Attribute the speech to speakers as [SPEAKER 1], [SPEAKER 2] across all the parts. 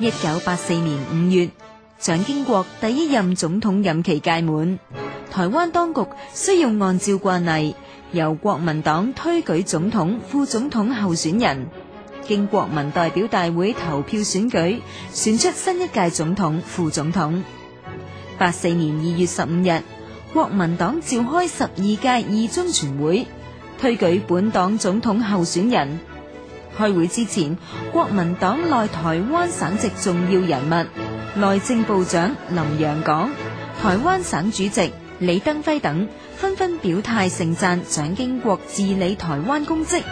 [SPEAKER 1] 一九八四年五月，蔣經國第一任總統任期屆滿，台灣當局需要按照慣例，由國民黨推舉總統、副總統候選人，經國民代表大會投票選舉，選出新一屆總統、副總統。八四年二月十五日，國民黨召開十二屆二中全會，推舉本黨總統候選人。開會之前，國民黨內台灣省籍重要人物內政部長林洋港、台灣省主席李登輝等紛紛表態盛讚蔣經國治理台灣功績。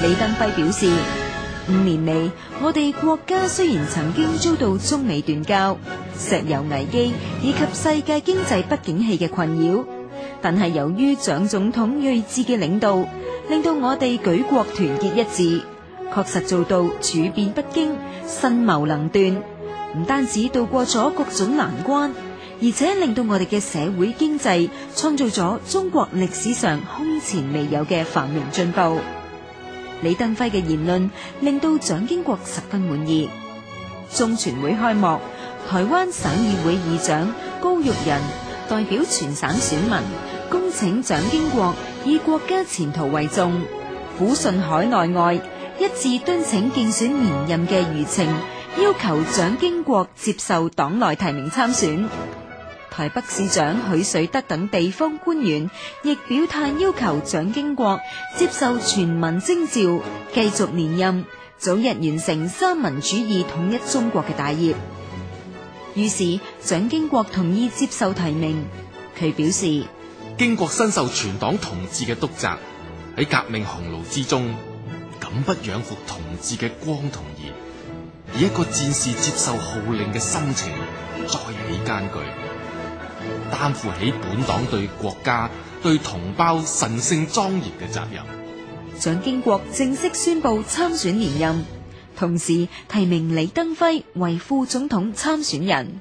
[SPEAKER 1] 李登輝表示：五年嚟，我哋國家雖然曾經遭到中美斷交、石油危機以及世界經濟不景氣嘅困擾，但係由於蔣總統睿智嘅領導。令到我哋舉國團結一致，確實做到處變不驚、身謀能斷，唔單止渡過咗各種難關，而且令到我哋嘅社會經濟創造咗中國歷史上空前未有嘅繁榮進步。李登輝嘅言論令到蔣經國十分滿意。中全會開幕，台灣省議會議長高育仁代表全省選民。恭請蔣經國以國家前途為重，撫順海內外一致敦請競選連任嘅輿情，要求蔣經國接受黨內提名參選。台北市長許水德等地方官員亦表態，要求蔣經國接受全民徵召，繼續連任，早日完成三民主義統一中國嘅大業。於是蔣經國同意接受提名，
[SPEAKER 2] 佢表示。經國身受全黨同志嘅督責，喺革命洪爐之中，敢不仰服同志嘅光同熱，以一個戰士接受號令嘅心情，再起艱巨，擔負起本黨對國家、對同胞神聖莊嚴嘅責任。
[SPEAKER 1] 蔣經國正式宣布參選連任，同時提名李登輝為副總統參選人。